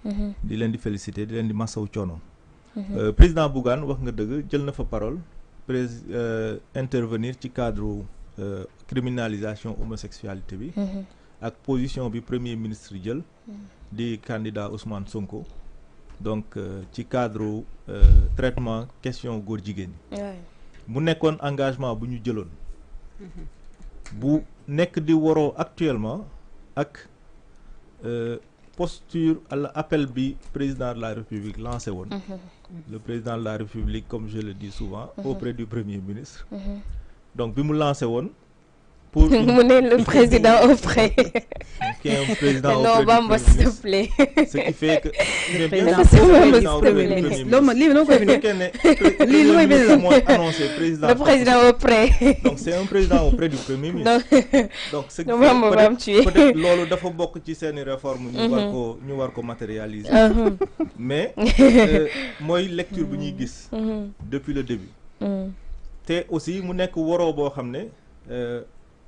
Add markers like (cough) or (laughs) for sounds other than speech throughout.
Mm-hmm. di leen di féliciter di di mm-hmm. euh, président Bougane wax nga jël na fa parole euh, intervenir ci cadre euh, criminalisation homosexualité bi. Mm-hmm. ak position bi premier ministre jël. di candidat Ousmane Sonko. donc le cadre traitement question góor engagement bu bu di actuellement posture à l'appel du président de la République lancé on mhm. le président de la République comme je le dis souvent mhm. auprès du premier ministre mhm. donc bi mu lancé pour (laughs) Mon une... le président auprès. Ok, un président non, auprès Bamba, s'il te plaît. Ce qui fait que. il est bien Le président, le président auprès. Donc, c'est un président auprès du premier ministre. Donc, c'est peut-être lolo dafa bok ci sen réforme ñu war mhm. ko ñu war ko matérialiser. Ah. Mais (laughs) euh, moi, lecture bu ñuy gis mhm. depuis le début. Mhm. Té aussi mu nek woro bo xamné euh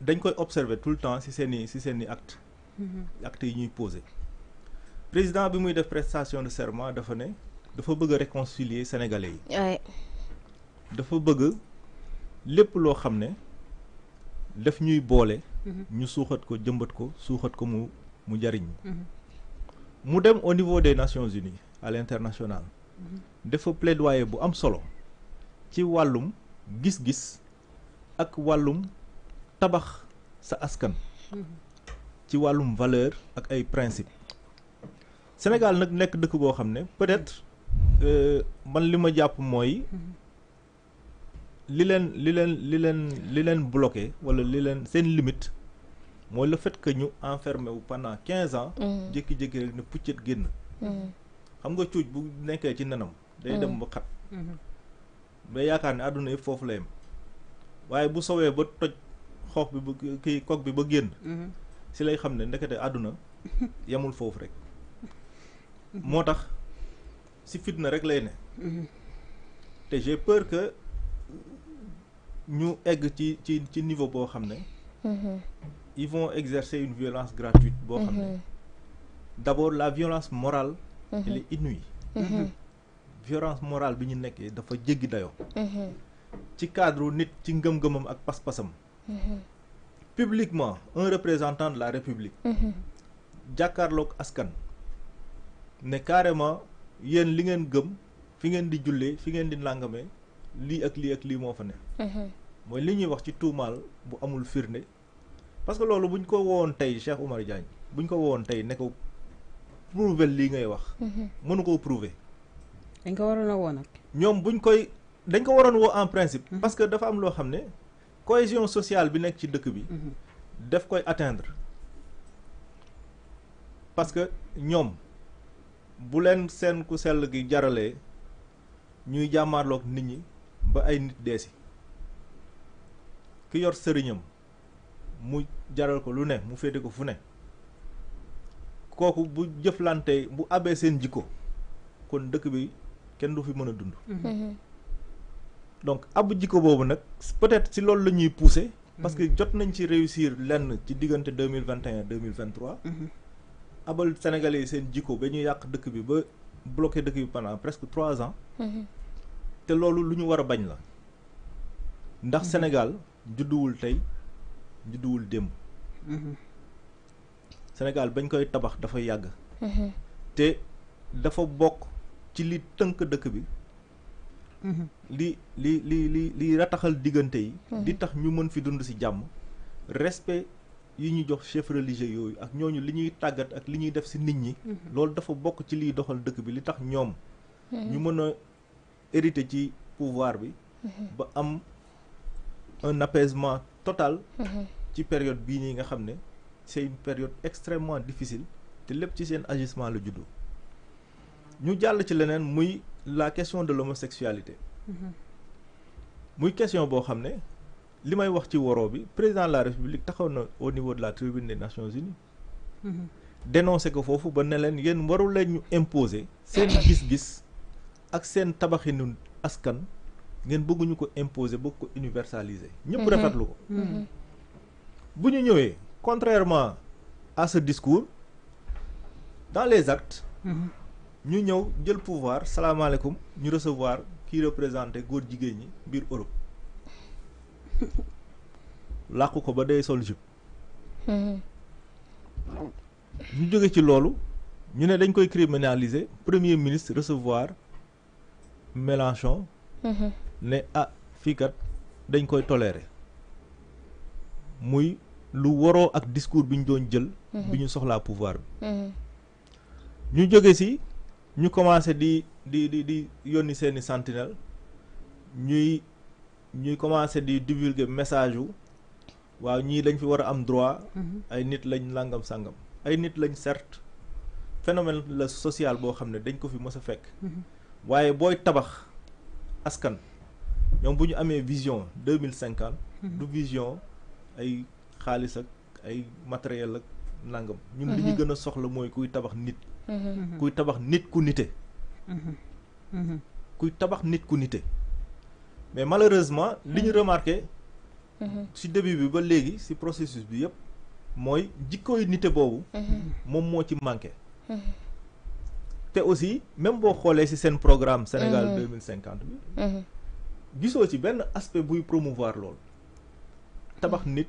dañ koy observer tout le temps si c'est ni si c'est ni acte mm-hmm. acte yi ñuy poser président bi muy def prestation de serment dafa ne dafa bëgg réconcilier sénégalais yi dafa bëgg lépp loo xam ne daf ñuy boole mm-hmm. ñu suuxat ko jëmbat ko suuxat ko mu mu jariñ mm-hmm. mu dem au niveau des Nations Unies à l'international dafa plaidoyer bu am solo ci wàllum gis-gis ak wàllum tabax sa askan ci wàllum valeur ak ay principe Sénégal nag nekk dëkk boo xam ne peut-être euh, man li ma jàpp mooy li leen li leen li leen li leen bloqué walla li leen seen limite mooy le fait que ñu enfermé wu pendant quinze ans mm. jékki-jékki rek ne puccet génn mm. xam nga cuuj bu nekkee ci nenam day mm. dem ba xat mm-hmm. mais yaakaar ne àdduna yëpp foofu la yem waaye bu sowee ba toj xoox bi kii kook bi ba génn. Mhm. si lay xam ne ndekete àdduna (laughs) yemul foofu rek. moo tax si fitna rek lay ne. Mhm. te j'ai peur que ñu egg ci ci ci niveau boo xam ne. Mhm. ils vont exercer une violence gratuite boo xam ne. d'abord la violence morale. elle violence morale bi ñu nekkee dafa jéggi dayoo. ci cadre nit ci ngëm-ngëmam ak pas-pasam. Mmh. publiquement un représentant la république mmh. jàkkaarloog askan ne carrément yéen li ngeen gëm fi ngeen di jullee fi ngeen di nàngamee lii ak lii ak lii moo fa ne mmh. mooy li ñuy wax ci tuumaal bu amul firnde parce que loolu buñ ko wowoon tey Cheikh Oumar Diagne buñ ko wowoon tey ne ko prouver lii ngay wax mënu koo prouver dañ ko waroon a woo nag ñoom koy dañ ko waroon woo en principe parce dafa am loo xam ne cohésion sociale bi nek ci dëkk bi. Mhm. def koy atteindre parce que ñoom bu leen seen ku sell gi jaralee ñuy jàmmaarloog nit ñi ba ay nit dee ki yor sëriñam mu jaral ko lu ne mu féete ko fu ne kooku bu jëflante bu abee seen jikko kon dëkk bi kenn du fi mën a dund. Mhm. Mhm donc abu jikko bobu nak peut-être si loolu lañuy pousser. parce que mhm. jot nañ ci réussir lenn ci diggante 2021 2023 vingt et mhm. abal sénégalais sen seen jikko ba ñu yàq dëkk bi ba bloqué dëkk bi pendant presque 3 ans. Mhm. té loolu lu ñu war bañ la. ndax Sénégal judduwul tey judduwul démb. Sénégal bañ koy tabax dafa yàgg. té dafa bok ci li tënk dëkk bi. Mm-hmm. li li li li li rataxal digënté yi mm-hmm. di tax ñu mën fi dund ci jamm respect yi ñu jox chef religieux yooyu ak ñooñu li ñuy tàggat ak li ñuy def ci nit ñi mm-hmm. loolu dafa bokk ci liy doxal dëkk bi li tax ñoom ñu mën a ci pouvoir bi ba am un apaisement total ci période bii nii nga xam ne c'est une période extrêmement difficile te lépp ci seen agissement la ñu jàll ci leneen muy la question de l'homosexualité mhm. muy question bo xamné limay président de la république au niveau de la tribune des nations unies mhm. dénoncé que vous ba yeen warul imposer (laughs) gis-gis ak sen askan imposer ko mhm. contrairement à ce discours dans les actes ñu ñëw jël pouvoir salam salaamaaleykum ñu recevoir qui représenté góor jigéen ñi biir Europe (laughs) làqu ko ba day sol jupe (laughs) ñu jóge ci loolu ñu ne dañ koy criminaliser premier ministre recevoir Mélenchon (laughs) ne ah fii kat dañ koy tolérer muy lu waroo ak discours bi ñu doon jël bi ñu pouvoir bi ñu jóge ci ñu commencé di di di di yónni seeni sentinelle ñuy ñuy commencé di divulguer message wu waaw ñii dañ fi war a am droit mhm. ay nit lañ langam sangam ay nit lañ certes phénomène la social boo xam ne dañ ko fi mës a fekk mhm. waaye booy tabax askan ñoom bu ñu amee vision 2050 mhm. du vision ay xaalis ak ay matériel ak nangam. ñun li ñu mhm. soxla mooy kuy tabax nit. Mhm. kuy tabax nit ku nite. Mhm. kuy tabax nit ku mais malheureusement li ñu remarqué. ci début bi ba léegi ci processus bi yëpp mooy nite boobu. moom moo ci manqué. aussi même boo xoolee ci programme. Sénégal 2050, bi. gisoo aspect buy promouvoir lool tabax nit.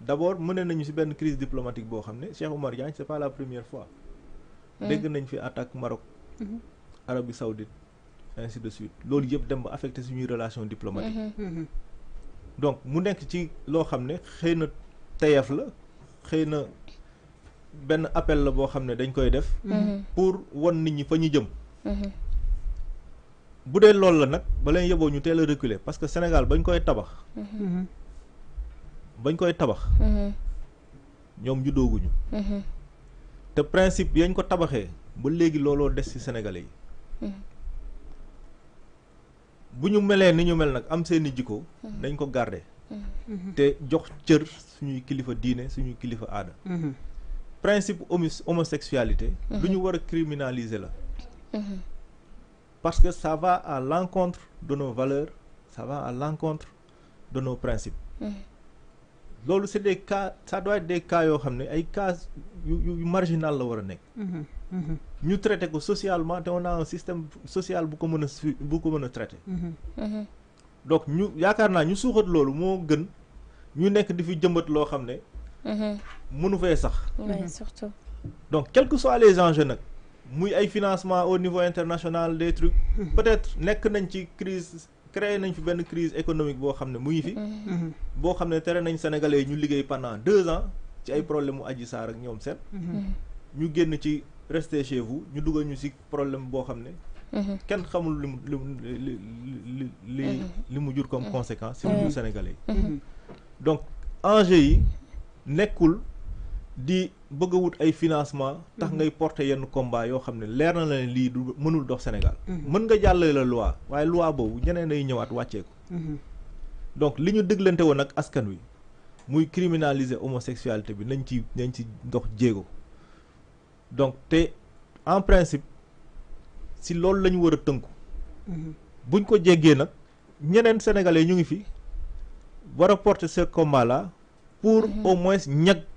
d'abord nous nañu ci une crise diplomatique Bo Cheikh Omar Diagne c'est pas la première fois. Hmm. dégg nañ fait attaque Maroc. Hmm. Arabie Saoudite ainsi de suite Tout yëpp a affecté suñuy relation diplomatique. Hmm. donc mu nekk ci loo xam ne nous na tayef appel la bo xam dañ koy def. pour won nit ñi fa ñu jëm. bu dee loolu la nak ba lay yeboo ñu reculer parce que Sénégal bañ koy tabax. bañ koy tabax. ñoom juddooguñu. te principe yañ ko tabaxee ba léegi looloo des ci sénégalais yi. bu ñu melee ni ñu mel nag am seeni jiko nañ ko garder. te jox cër suñuy kilifa diine suñuy kilifa aada. principe homosexualité. lu ñu war a criminaliser la. parce que ça va à l'encontre de nos valeurs ça va à l'encontre de nos principes. loolu c'est des cas ça doit être des cas yoo xam ne ay cas yu yu marginal la war a nekk. Mm-hmm, mm-hmm. ñu traité ko socialement te on a un système social bu ko mën a bu ko mën a traité. Mm-hmm. donc ñu yaakaar naa ñu suuxat loolu moo gën ñu nekk di fi jëmbat loo xam ne. mënu fee sax. donc quels que soient les enjeux nag muy ay financement au niveau international des trucs peut-être nekk nañ ci crise créé nañ fi benn crise économique boo xam ne mu ngi fi. Mhm. boo xam ne tere nañ sénégalais yi ñu liggéey pendant deux ans ci ay problème mu aji saar ak ñoom seen. Mhm. ñu génn ci restez chez vous ñu dugal ñu si problème boo xam ne. Mhm. kenn xamul li mu li li li mu jur comme conséquence. si lu sénégalais yi. donc enjeu yi nekkul. di bëgg a wut ay financement tax mhm. ngay porter yenn combat yoo xam ne leer na la lii du mënul dox Sénégal mhm. mën nga jàllale la loi waaye loi boobu ñeneen ay ñëwaat wàccee ko mhm. donc li ñu dëglante woon ak askan wi muy criminaliser homosexualité bi nañ ci nañ ci dox jéego donc te en principe si loolu la ñu war a tënku buñ ko jéggee nag ñeneen sénégalais ñu ngi fi war a porter ce combat pour au moins ñag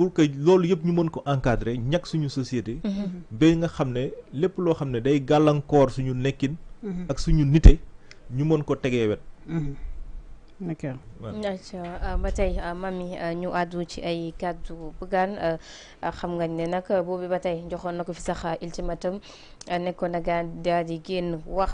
pour que loolu yëpp ñu mën ko encadrer ñag suñu société mm-hmm. Mm-hmm. ba nga xam ne lépp loo xam ne day gàllankoor suñu nekkin mm-hmm. ak suñu nite ñu mën ko tegee wet d'accord euh, ba tey euh, mami euh, ñu àddu ci ay kàddu bëggaan xam nga ne nag boobu ba tey joxoon na ko fi sax ultimatum nekkoon na daal di génn wax